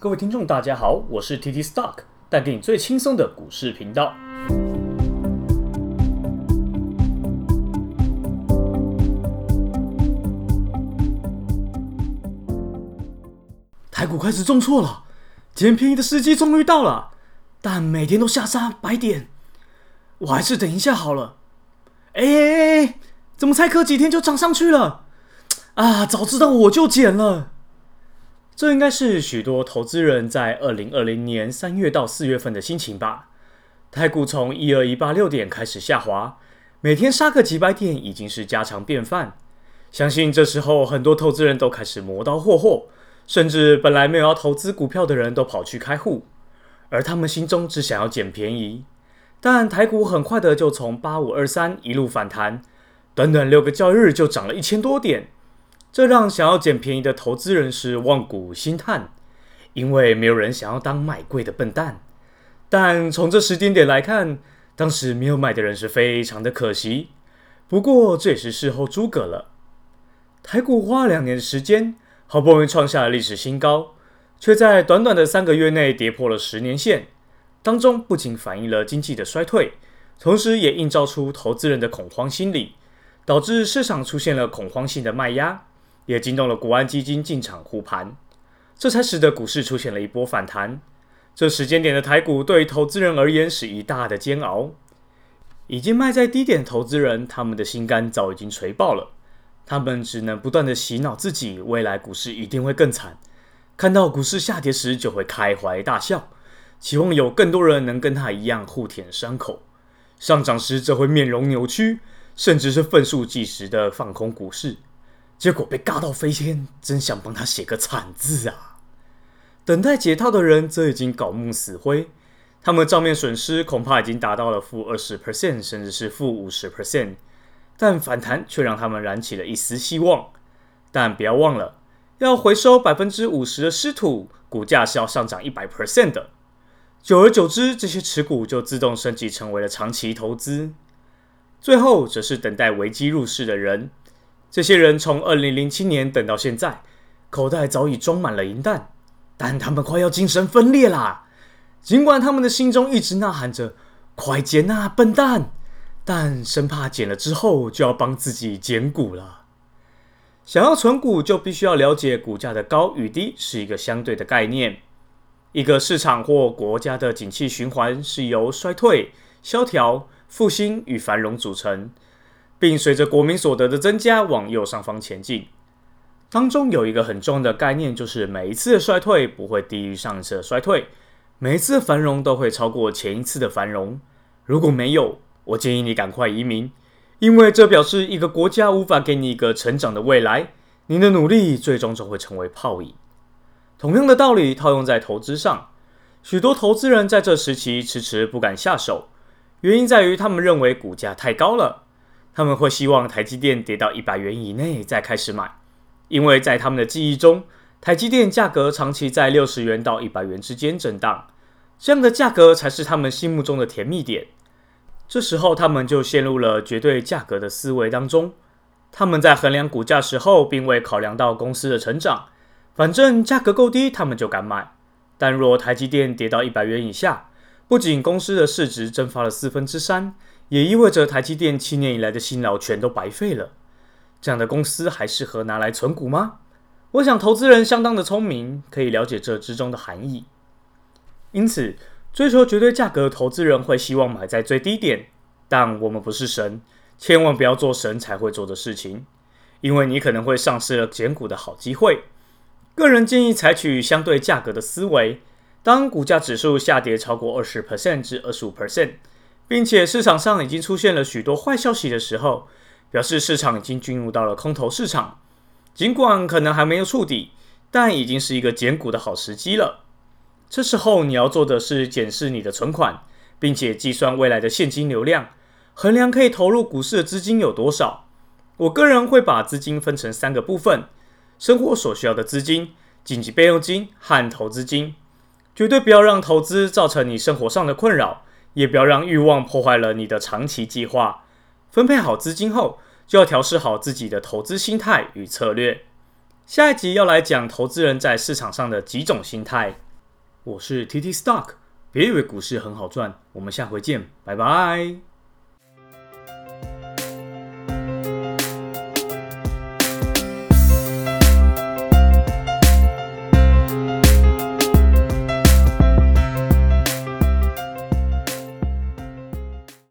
各位聽眾，大家好，我是 TT Stock，帶給你最輕鬆的股市頻道。台股開始重挫了，撿便宜的時機終於到了，但每天都下殺百點，我還是等一下好了。哎，哎哎，怎麼才隔幾天就漲上去了，啊，早知道我就撿了。這應該是許多投資人在二零二零年三月到四月份的心情吧。台股從一二一八六點開始下滑，每天殺個幾百點已經是家常便飯。相信這時候很多投資人都開始磨刀霍霍，甚至本來沒有要投資股票的人都跑去開戶，而他們心中只想要撿便宜。但台股很快的就從八五二三一路反彈，短短六個交易日就漲了一千多點。這讓想要撿便宜的投資人是望股興嘆，因為沒有人想要當買貴的笨蛋。但從這時間點，點來看，當時沒有買的人是非常的可惜。不過這也是事後諸葛了。台股花兩年時間好不容易創下了歷史新高，卻在短短的三個月內跌破了十年線，當中不僅反映了經濟的衰退，同時也映照出投資人的恐慌心理，導致市場出現了恐慌性的賣壓。也驚動了國安基金進場護盤，這才使得股市出現了一波反彈。這時間點的台股對投資人而言是一大的煎熬。已經賣在低點的投資人，他們的心肝早已經錘爆了，他們只能不斷的洗腦自己，未來股市一定會更慘。看到股市下跌時就會開懷大笑，期望有更多人能跟他一樣互舔傷口；上漲時則會面容扭曲，甚至是憤怒，即時的放空股市。結果被尬到飛天，真想幫他寫個慘字啊！等待解套的人則已經槁木死灰，他們的賬面損失恐怕已經達到了負二十 percent，甚至是負五十 percent。但反彈卻讓他們燃起了一絲希望。但不要忘了，要回收百分之五十的失土，股價是要上漲一百 percent 的。久而久之，這些持股就自動升級成為了長期投資。最後，則是等待危機入市的人。這些人從2007年等到現在，口袋早已裝滿了銀彈。但他們快要精神分裂啦！儘管他們的心中一直吶喊着“快撿啊，笨蛋”，但生怕撿了之後就要幫自己撿骨了。想要存股，就必須要了解股價的高與低是一個相對的概念。一個市場或國家的景氣循環是由衰退、蕭條、復興與繁榮組成。並隨着國民所得的增加往右上方前進。當中有一個很重要的概念，就是每一次的衰退不會低於上一次的衰退，每一次的繁榮都會超過前一次的繁榮。如果沒有，我建議你趕快移民，因為這表示一個國家無法給你一個成長的未來，你的努力最終就會成為泡影。同樣的道理套用在投資上，許多投資人在這時期遲遲不敢下手，原因在於他們認為股價太高了。他們會希望台積電跌到一百元以內再開始買，因為在他們的記憶中，台積電價格長期在六十元到一百元之間震盪，這樣的價格才是他們心目中的甜蜜點。這時候，他們就陷入了絕對價格的思維當中。他們在衡量股價時候，並未考量到公司的成長，反正價格夠低，他們就敢買。但若台積電跌到一百元以下，不僅公司的市值蒸發了四分之三，也意味着台積電七年以來的辛勞全都白費了。這樣的公司還適合拿來存股嗎？我想投資人相當的聰明，可以了解這之中的含義。因此，追求絕對價格的投資人會希望買在最低點，但我們不是神，千萬不要做神才會做的事情，因為你可能會喪失了撿股的好機會。個人建議採取相對價格的思維。當股價指數下跌超過二十 percent 至二十五 percent，並且市場上已經出現了許多壞消息的時候，表示市場已經進入到了空頭市場。儘管可能還沒有觸底，但已經是一個撿股的好時機了。這時候你要做的是檢視你的存款，並且計算未來的現金流量，衡量可以投入股市的資金有多少。我個人會把資金分成三個部分：生活所需要的資金、緊急備用金和投資金。絕對不要讓投資造成你生活上的困擾，也不要讓慾望破壞了你的長期計劃。分配好資金後，就要調適好自己的投資心態與策略。下一集要來講投資人在市場上的幾種心態。我是 TT Stock，別以為股市很好賺，我們下回見，拜拜。